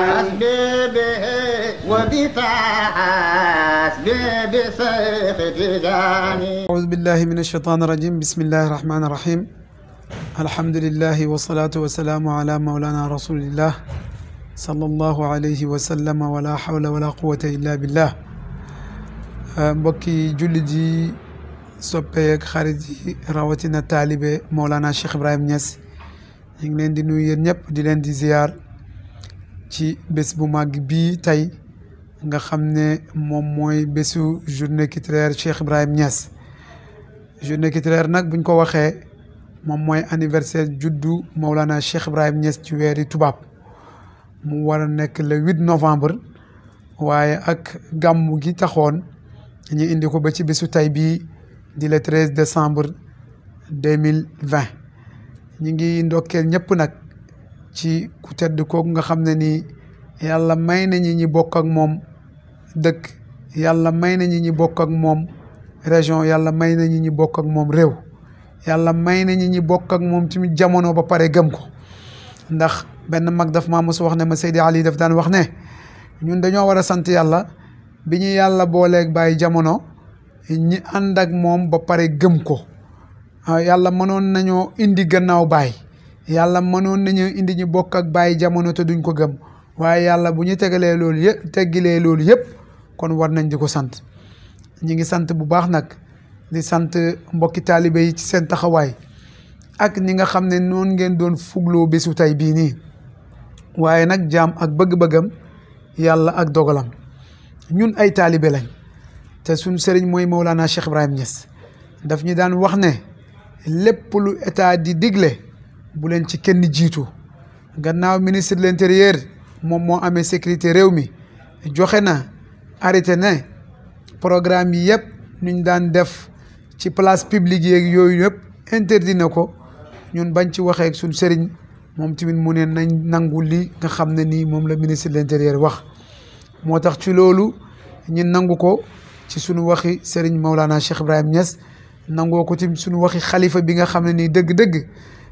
أعوذ بالله من الشيطان الرجيم بسم الله الرحمن الرحيم الحمد لله والصلاة والسلام على مولانا رسول الله صلى الله عليه وسلم ولا حول ولا قوة إلا بالله بكي جلدي soppeek خارجي yi rawatina مولانا شيخ إبراهيم نيس Niass ñu ngi leen di nuyu ci béss bu màgg bii tey nga xam ne moom mooy béssu journée culturelle Cheikh Ibrahim Niass journée culturelle nag buñ ko waxee moom mooy anniversaire juddu Maulana Cheikh Ibrahim Niass ci weeri tubaab mu war nekk le 8 novembre waaye ak gàmmu gi taxoon ñu indi ko ba ci bésu tey bii di le 13 décembre 2020 ñu ngi ndokkeel ñëpp nag. ci ku tedd kooku nga xam ne nii yàlla may na ñi ñi bokk ak moom dëkk yàlla may na ñi ñi bokk ak moom région yàlla may na ñi ñi bokk ak moom réew yàlla may na ñi bokk ak moom tamit jamono ba pare gëm ko ndax benn mag daf ma mos wax ne ma Seydi Ali daf daan wax ne ñun dañoo war a sant yàlla bi ñu yàlla booleek bàyyi jamono ñi ànd ak moom ba pare gëm ko ah, yàlla mënoon nañoo indi gannaaw bàyyi yàlla mënoon nañu indi ñu bokk ak bàyyi jamono te duñ ko gëm waaye yàlla bu ñu tegalee loolu yëpp teggilee loolu yëpp kon war nañ di ko sant ñi ngi sant bu baax nag di sant mbokki taalibe yi ci seen taxawaay ak ni nga xam ne noon ngeen doon fugloo bésu tey bii nii waaye nag jaam ak bëgg-bëggam yàlla ak dogalam ñun ay taalibe lañ te suñ sëriñ mooy Mawlana Cheikh Ibrahim Niass daf ñu daan wax ne lépp lu état di digle bu leen ci kenn jiitu gannaaw ministre de l'intérieur moom moo amee sécurité réew mi joxe na arrêté ne programme yi yëpp nuñ daan def ci place publique yooyu yëpp interdit na ko ñun bañ ci waxee ak suñ sëriñ moom tamit mu neen nañ nangu li nga xam ne nii moom la ministre de l'intérieur wax moo tax ci loolu ñi nangu ko ci sunu waxi sëriñ Maulana Cheikh Ibrahim Niass nangoo ko ci sunu waxi xalifa bi nga xam ne nii dëgg-dëgg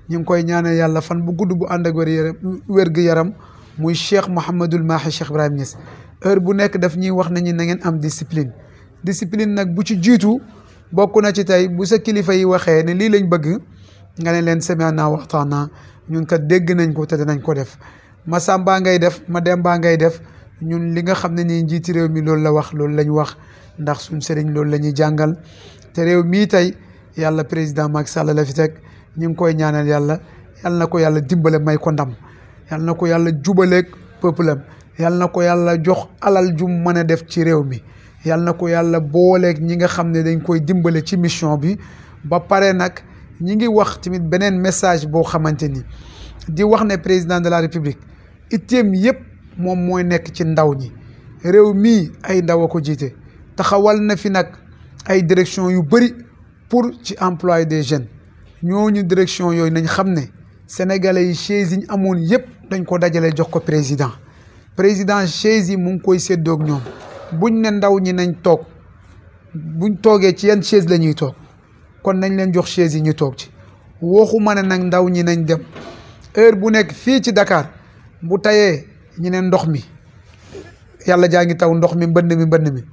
ñu ngi koy ñaane yàlla fan bu gudd bu ànd ak wér yaram muy cheikh Mouhamadul Mahi Cheikh Ibrahim Niass heure bu nekk def ñuy wax nañu na ngeen am discipline discipline nag bu ci jiitu bokk na ci tey bu sa kilifa yi waxee ne lii lañ bëgg nga ne leen semaine naa waxtaan naa ñun kat dégg nañ ko te danañ ko def ma sàmbaa ngay def ma dembaa ngay def ñun li nga xam ne nii njiiti réew mi loolu la wax loolu lañ wax ndax suñ sëriñ loolu la ñuy jàngal te réew mii tey yàlla président Macky Sall la fi teg ñu ngi koy ñaanal yàlla yàlla na ko yàlla dimbale may ko ndam yàlla na ko yàlla jubaleeg peuple yàlla na ko yàlla jox alal ju mën a def ci réew mi yàlla na ko yàlla booleeg ñi nga xam ne dañ koy dimbale ci mission bi ba pare nag ñi ngi wax tamit beneen message boo xamante ni di wax ne président de la république itteem yëpp moom mooy nekk ci ndaw ñi réew mii ay ndaw a ko jiite taxawal na fi nag ay direction yu bëri pour ci emploi des jeunes ñooñu direction yooyu nañ xam ne sénégalais yi chaise yi ñu amoon yëpp dañ ko dajale jox ko président président chaise yi mu ngi koy séddoog ñoom buñ ne ndaw ñi nañ toog buñ toogee ci yan chaise la ñuy toog kon nañ leen jox chaise yi ñu toog ci waxuma ne nag ndaw ñi nañ dem heure bu nekk fii ci dakaar bu tayee ñu ne ndox mi yàlla jaa ngi taw ndox mi mbënn mi mbënn mi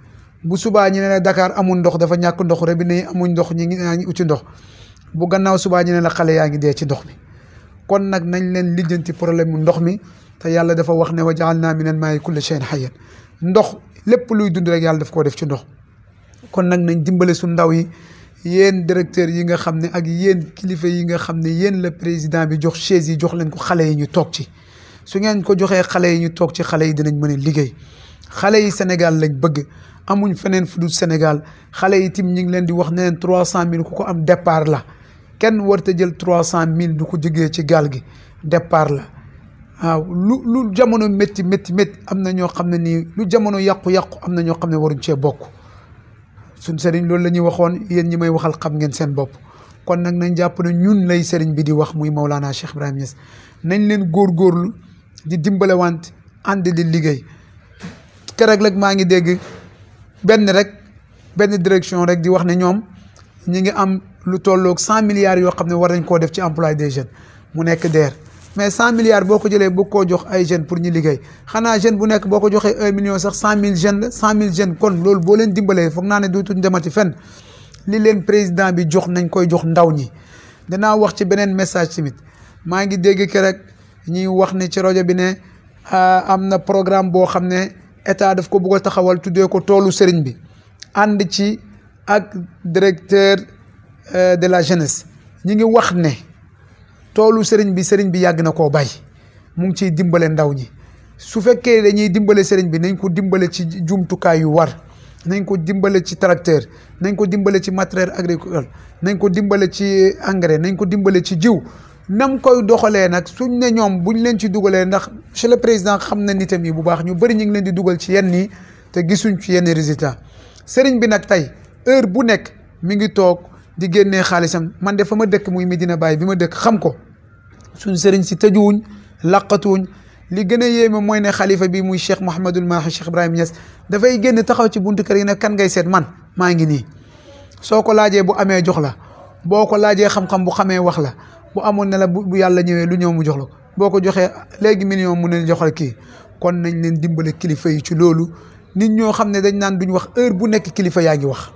bu subaa ñu ne Dakar amul ndox dafa ñàkk ndox robinet yi amuñ ndox ñi ngi uti ndox bu gannaaw subaa ñu ne la xale yaa ngi dee ci ndox mi kon nag nañ leen lijjanti problème mu ndox mi te yàlla dafa wax ne wa naa minal maa'i kulli shay'in hayyin ndox lépp luy dund rek yàlla daf koo def ci ndox kon nag nañ dimbale su ndaw yi yéen directeur yi nga xam ne ak yéen kilifa yi nga xam ne yéen la président bi jox chaise yi jox leen ko xale yi ñu toog ci su ngeen ko joxee xale yi ñu toog ci xale yi dinañ mën liggéey xale yi Sénégal lañ bëgg amuñ feneen fu dul Sénégal xale yi tim ñi ngi leen di wax ne leen trois cent mille ku ko am départ la kenn warta jël trois cent mille du ko jógee ci gaal gi départ la waaw lu lu jamono métti métti métti am na ñoo xam ne nii lu jamono yàqu-yàqu am na ñoo xam ne waruñ cee bokk suñ sëriñ loolu la ñuy waxoon yéen ñi may waxal xam ngeen seen bopp kon nag nañ jàpp ne ñun lay sëriñ bi di wax muy Maulana Cheikh Ibrahim Niass nañ leen góor góorlu di dimbalewante ànd di liggéey keroog rek maa ngi dégg benn rek benn direction rek di wax ne ñoom ñi ngi am lu tolloog cent milliards yoo xam ne war nañ koo def ci emploi des jeunes mu nekk DER mais cent milliards boo ko jëlee bëgg koo jox ay jeunes pour ñu liggéey xanaa jeune bu nekk boo ko joxee un million sax cent mille jeunes la cent mille jeunes kon loolu boo leen dimbalee foog naa ne dootuñ demati fenn li leen président bi jox nañ koy jox ndaw ñi danaa wax ci beneen message tamit maa ngi dégg ke rek wax ne ci rajo bi ne ah, am na programme boo xam ne état daf ko bëgg a taxawal tuddee ko toolu sëriñ bi ànd ci ak directeur euh, de la jeunesse ñi ngi wax ne toolu sëriñ bi sëriñ bi yàgg na koo bàyyi mu ngi ciy dimbale ndaw ñi su fekkee dañuy dimbale sëriñ bi nañ ko dimbale ci jumtukaay yu war nañ ko dimbale ci tracteur nañ ko dimbale ci matériel agricole nañ ko dimbale ci engrais nañ ko dimbale ci jiw nam koy doxalee nag suñ ne ñoom bu ñu leen ci dugalee ndax monsieur le président xam na nitam yi bu baax ñu bari ñu ngi leen di dugal ci yenn yi te gisuñ ci yenn résultat sëriñ bi nag tey heure bu nek mi ngi tok di genné xaalisam man de fama dëkk muy Medina bay bima dëkk xam ko suñ serigne ci tëjuwuñ laqatuñ li gëna yéme moy ne khalifa bi muy cheikh mohammedul mah cheikh Ibrahim Niass fay génn taxaw ci buntu kër yi ne kan ngay sét man ma ngi ni soko ko bu amé jox la boko ko xam-xam bu xamé wax la bu amoon ne la bu yàlla ñëwé lu ñëw mu jox la boko joxé légui léegi million mu ne joxal ki kon nañ leen dimbale kilifa yi ci lolu nit ñoo xamné dañ nan duñ wax heure bu nekk kilifa yaangi wax.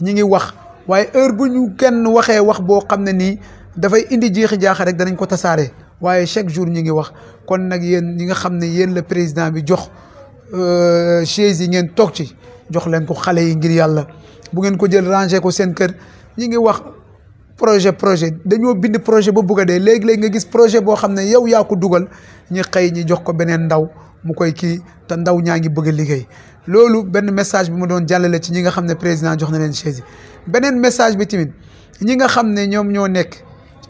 ñi ngi wax waaye heure bu ñu kenn waxee wax boo xam ne nii dafay indi jeexi jaaxa rek danañ ko tasaare waaye chaque jour ñi ngi wax kon nag yéen ñi nga xam ne yéen la président bi jox euh, chaise yi ngeen toog ci jox leen ko xale yi ngir yàlla bu ngeen ko jël ranger ko seen kër ñi ngi wax projet projet dañoo bind projet ba bugg a dee léegi-léegi nga gis projet boo xam ne yow yaa ko dugal ñi xëy ñi jox ko beneen ndaw mu koy kii te ndaw ñaa ngi bëgg a liggéey loolu benn message bi ma doon jàllale ci ñi nga xam ne président jox na leen chaise yi beneen message bi tamit ñi nga xam ne ñoom ñoo nekk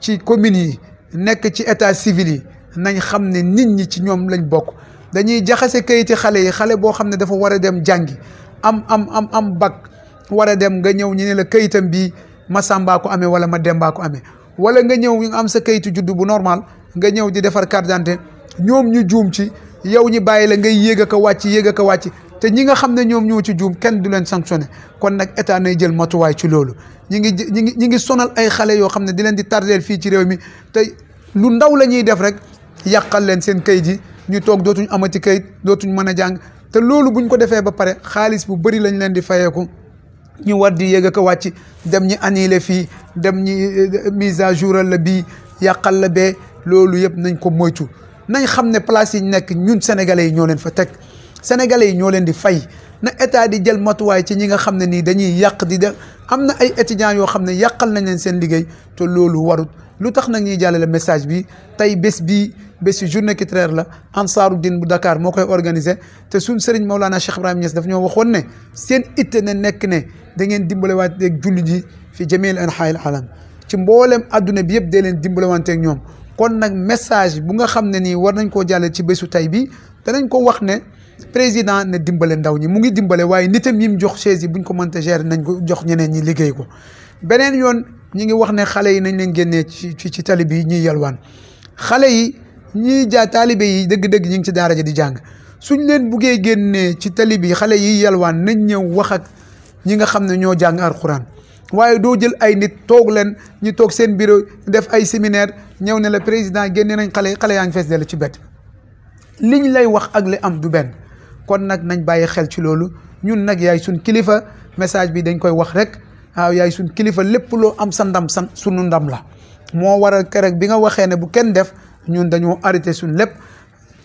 ci communes yi nekk ci état civil yi nañ xam ne nit ñi ci ñoom lañ bokk dañuy jaxase kayiti xale yi xale boo xam ne dafa war a dem jàngi am am am am bac war a dem nga ñëw ñu ne la kayitam bii ma sàmbaa ko amee wala ma dembaa ko amee wala nga ñëw ñu am sa kayitu juddu bu normal nga ñëw di defar carte d'identité ñoom ñu juum ci yow ñi bàyyi la ngay yéeg ak wàcc yéeg ak a wàcc te ñi nga xam ne ñoom ñoo ci juum kenn du leen sanctionné kon nag état nay jël matuwaay ci loolu ñi ngi ñi ngi ñi ngi sonal ay xale yoo xam ne di leen di tardeel fii ci réew mi te lu ndaw la ñuy def rek yàqal leen seen kayit yi ñu toog dootuñ amati kayit dootuñ mën a jàng te loolu buñ ko defee ba pare xaalis bu bëri lañ leen di fayeeku ñu war di yéeg ak a wàcc dem ñi annulé fii dem ñi eh, mise à jour la bii yàqal la bee loolu yëpp nañ ko moytu nañ xam ne place yi nekk ñun sénégalais yi ñoo leen fa teg sénégalais yi ñoo leen di fay na état di jël matuwaay ci ñi nga xam ne nii dañuy yàq di def am na ay étudiants yoo xam ne yàqal nañ leen seen liggéey te loolu warut lu tax nag ñuy jàllale message bi tey bés bi bess journée culturelle la ansaaru din bu Dakar moo koy organisé te suñ sëriñ Maulana Cheikh Ibrahim Niass daf ñoo waxoon ne seen itte nekk ne da ngeen dimbalewaat ak julli ji fi jamil anhaa'il alam ci mboolem adduna bi yëpp dee leen dimbalewante ak ñoom kon nag message bu nga xam ne nii war nañ koo jàlle ci bésu tey bi nañ ko wax ne président ne dimbale ndaw ñi mu ngi dimbale waaye nitam yim jox chaise bu buñ ko mënta gérer nañ ko jox ñeneen ñi liggéey ko beneen yoon ñi ngi wax ne xale yi nañ leen génnee ci ci tali bi ñuy yalwaan xale yi ñiy jaa taalibe yi dëgg-dëgg ñi ngi ci daara ja di jàng suñ leen buggee génnee ci tali bi xale yi yalwaan nañ ñëw wax ak ñi nga xam ne ñoo jàng alxuraan waaye doo jël ay nit toog leen ñu toog seen bureau def ay séminaire ñëw ne la président génne nañ xale xale yaa ngi fees dell ci bett ñu lay wax ak li am du benn kon nag nañ bàyyi xel ci loolu ñun nag yaay suñ kilifa message bi dañ koy wax rek waaw yaay suñ kilifa lépp loo am sa ndam sa suñu ndam la moo waral kereeg bi nga waxee ne bu kenn def ñun dañoo arrêté suñ lépp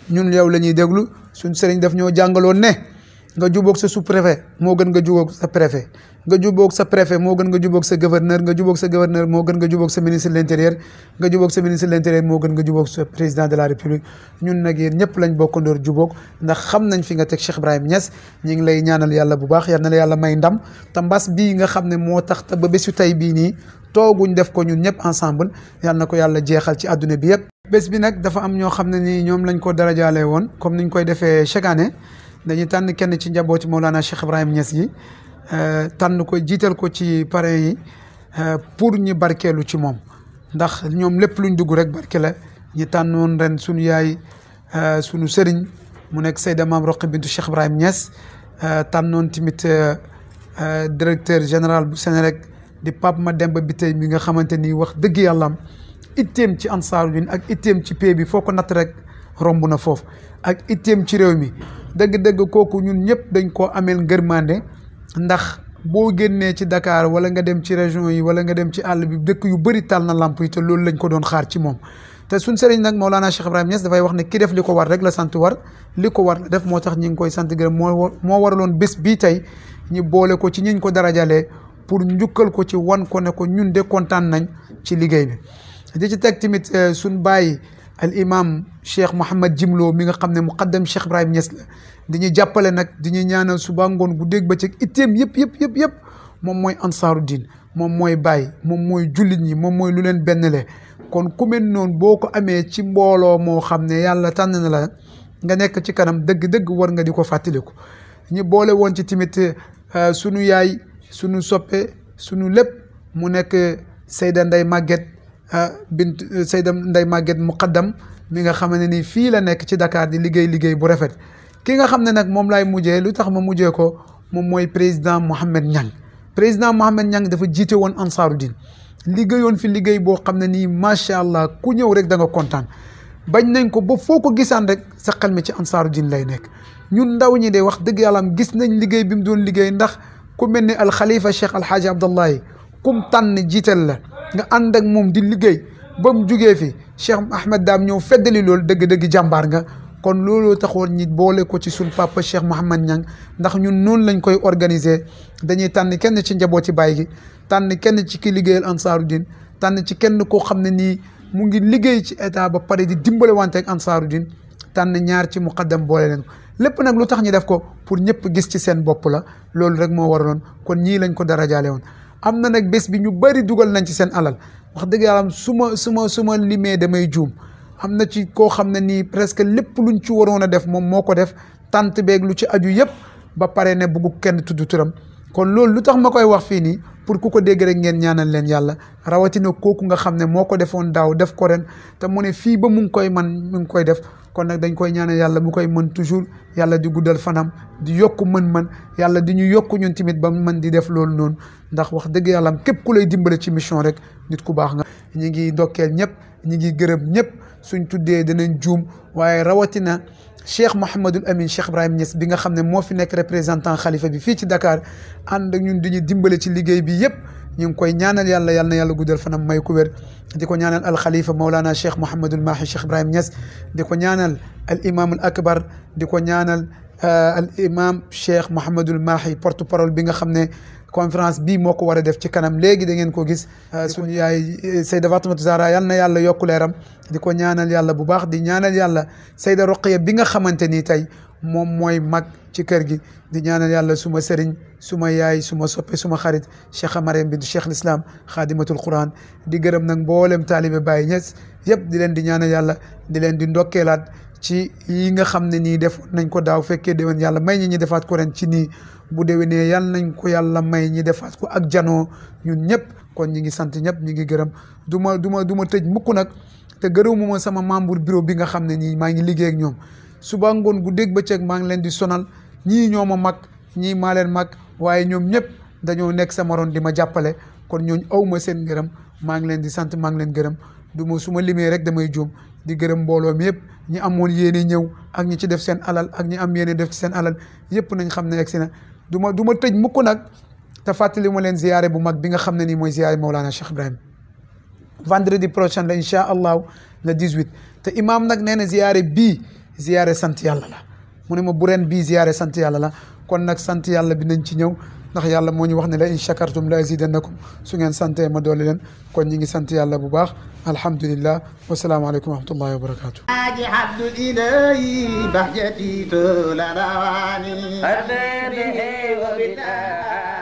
ñun yow la ñuy déglu suñ sëriñ def ñoo jàngaloon ne nga jubóog sa sous-préfet moo gën nga jubóog sa préfet nga jubóog sa préfet moo gën nga jubóog sa gouverneur nga jubóog sa gouverneur moo gën nga jubóog sa ministre de l'intérieur nga jubóog sa ministre de l'intérieur moo gën nga jubóog sa président de la république ñun nag yéen ñëpp lañ bokkandoor jubóog ndax xam nañ fi nga teg Cheikh Ibrahim Niass ñi ngi lay ñaanal yàlla bu baax yal na la yàlla may ndam te mbas bii nga xam ne moo tax te ba bésu tey bii nii tooguñ def ko ñun ñëpp ensemble yal na ko yàlla jeexal ci àdduna bi yëpp bés bi nag dafa am ñoo xam ne nii ñoom lañ ko darajaale woon comme niñ koy defee chaque année dañuy tànn kenn ci njabooti Mawlana Cheikh Ibrahim Niass yi Euh, tànn ko jiital ko ci pare yi euh, pour ñu barkeelu ci moom ndax ñoom lépp luñ dugg rek barke la ñu tànnoon ren sunu yaay euh, sunu sëriñ mu nekk Seyda Maam Roqi bintu Cheikh Ibrahim Niass tànnoon tamit directeur général bu Senelec di Pape dem ba tey mi nga xamante ni wax dëgg yàllaam itteem ci Ansaarudine ak itteem ci pay bi foo ko natt rek romb na foofu ak itteem ci réew mi dëgg-dëgg kooku ñun ñëpp dañ koo ameel ngërmande ndax boo génnee ci Dakar wala nga dem ci région yi wala nga dem ci àll bi dëkk yu bëri taal na làmp yi te loolu lañ ko doon xaar ci moom te suñ sëriñ nag laana Cheikh Ibrahima Niass dafay wax ne ki def li ko war rek la sant war li ko war def moo tax ñi koy sant gërëm moo moo waraloon bés bii tey ñu boole ko ci ñiñ ko darajalee pour njukkal ko ci wan ko ne ko ñun de kontaan nañ ci liggéey bi. di ci teg tamit euh, suñ bàyyi al imam Cheikh Mouhamed Jimlo mi nga xam ne muqaddam Cheikh Ibrahima Niass la di ñu jàppale nag di ñu ñaanal suba ngoon gu dégg bëccëg itteem yëpp yëpp yëpp yëpp moom mooy ansaaru diin moom mooy bàyyi moom mooy jullit ñi moom mooy lu leen benn le kon ku mel noonu boo ko amee ci mbooloo moo xam ne yàlla tànn na la nga nekk ci kanam dëgg-dëgg war nga di ko fàttaliku ñu boole woon ci tamit euh, sunu yaay sunu soppe sunu lépp mu nekk Seyda Ndey Maguette euh, bint euh, Seyda Ndey Maguette muqaddam mi nga xam ne ni fii la nekk ci dakaar di liggéey liggéey bu rafet ki nga xam ne nag moom laay mujjee lu tax ma mujjee ko moom mooy président Mohamed Niang président Mohamed Niang dafa jiite woon ansaaru din liggéeyoon fi liggéey boo xam ne nii macha allah ku ñëw rek danga nga kontaan bañ nañ ko ba foo ko gisaan rek sa xel mi ci ansaaru din lay nekk ñun ndaw ñi de wax dëgg yàlla am gis nañ liggéey bi mu doon liggéey ndax ku mel ni alxalifa cheikh alxaaji abdallahi kum tànn jiital la nga ànd ak moom di liggéey ba mu fi cheikh ahmed daam ñëw feddali loolu dëgg-dëgg jàmbaar nga kon looloo taxoon ñi boole ko ci suñ papa Cheikh Mouhamad Niang ndax ñun noonu lañ koy organiser dañuy tànn kenn ci ci baay gi tànn kenn ci ki liggéeyal Ansaarudin tànn ci kenn koo xam ne nii mu ngi liggéey ci état ba pare di dimbale wante ak Ansaarudin tànn ñaar ci muqaddam boole leen lépp nag lu tax ñu def ko pour ñëpp gis ci seen bopp la loolu rek moo war waraloon kon ñii lañ ko darajaale woon am na nag bés bi ñu bëri dugal nañ ci seen alal wax dëgg yàlla su ma su ma su ma limee damay juum am na ci koo xam ne nii presque lépp luñ ci waroon a def moom moo ko def tant beeg lu ci aju yëpp ba pare ne buggu kenn tudd turam kon loolu lu tax ma koy wax fii nii pour ku ko dégg rek ngeen ñaanal leen yàlla rawatina kooku nga xam ne moo ko defoon daaw def ko ren te mu ne fii ba mu ngi koy man mu ngi koy def kon nag dañ koy ñaanal yàlla mu koy mën toujours yàlla di guddal fanam di yokk mën man yàlla di ñu yokk ñun tamit ba mën di def loolu noonu ndax wax dëgg yàlla képp ku lay dimbale ci mission rek nit ku baax nga. ñi ngi ndokkeel ñëpp ñi ngi gërëm ñëpp suñ tuddee danañ juum waaye rawatina cheikh Mouhamadul Amin cheikh Ibrahim Niass bi nga xam ne moo fi nekk représentant xalifa bi fii ci Dakar ànd ak ñun diñu dimbale ci liggéey bi yëpp ñu ngi koy ñaanal yàlla yàlla na yàlla guddal fanam may ku wér di ko ñaanal al xalifa Mawlana cheikh Mouhamadul Mahi cheikh Ibrahim Niass di ko ñaanal al imam al akbar di ko ñaanal euh, al imam cheikh Mouhamadul Mahi porte parole bi nga xam ne. conférence bii moo ko war a def ci kanam léegi da ngeen ko gis suñu yaay Seyda Fatimatu Zahra yal na yàlla yokku leeram di ko ñaanal yàlla bu baax di ñaanal yàlla Seyda Roqiya bi nga xamante ni tey moom mooy mag ci kër gi di ñaanal yàlla suma sëriñ suma yaay suma soppe suma xarit Cheikh Mariam bintu Cheikh l'Islam xaadimatul Quran di gërëm nag mboolem taalibe Baye Niass yëpp di leen di ñaanal yàlla di leen di ndokkeelaat ci yi nga xam ne nii def nañ ko daaw fekkee déwén yàlla may ñi ñi defaat ko ren ci nii bu déwénee yàlla nañ ko yàlla may ñi defaat ko ak janoo ñun ñëpp kon ñi ngi sant ñëpp ñi ngi gërëm du ma du ma du ma tëj mukk nag te gërëmu ma sama membre bureau bi nga xam ne nii maa ngi liggéey ak ñoom suba ngoon gu dégg bëccëg maa ngi leen di sonal ñii ñoo ma mag ñii maa leen mag waaye ñoom ñëpp dañoo nekk sama ron di ma jàppale kon ñooñ awma seen gërëm maa ngi leen di sant maa ngi leen gërëm du ma su ma limee rek damay juum di gërëm mbolo mi yëpp ñi amoon yéene ñëw ak ñi ci def seen alal ak ñi am yéene def ci seen alal yëpp nañ xam ne yegg si na du ma du ma tëj mukk nag te fàttali ma leen ziare bu mag bi nga xam ne nii mooy ziyaare Mawlana Cheikh Ibrahim vendredi prochain la incha allahu le 18 te imam nag nee na ziyaare bii ziyaare sant yàlla la mu ne ma bu ren bii ziare sant yàlla la kon nag sant yàlla bi nañ ci ñëw ndax yàlla moo ñu wax ne la in shakartum la azidannakum su ngeen sante ma doole leen kon ñi ngi sant yàlla bu baax alhamdulillah wasalaamaaleykum wa rahmatullahi wa barakatuh aji abdul ilahi bahjati to la rawani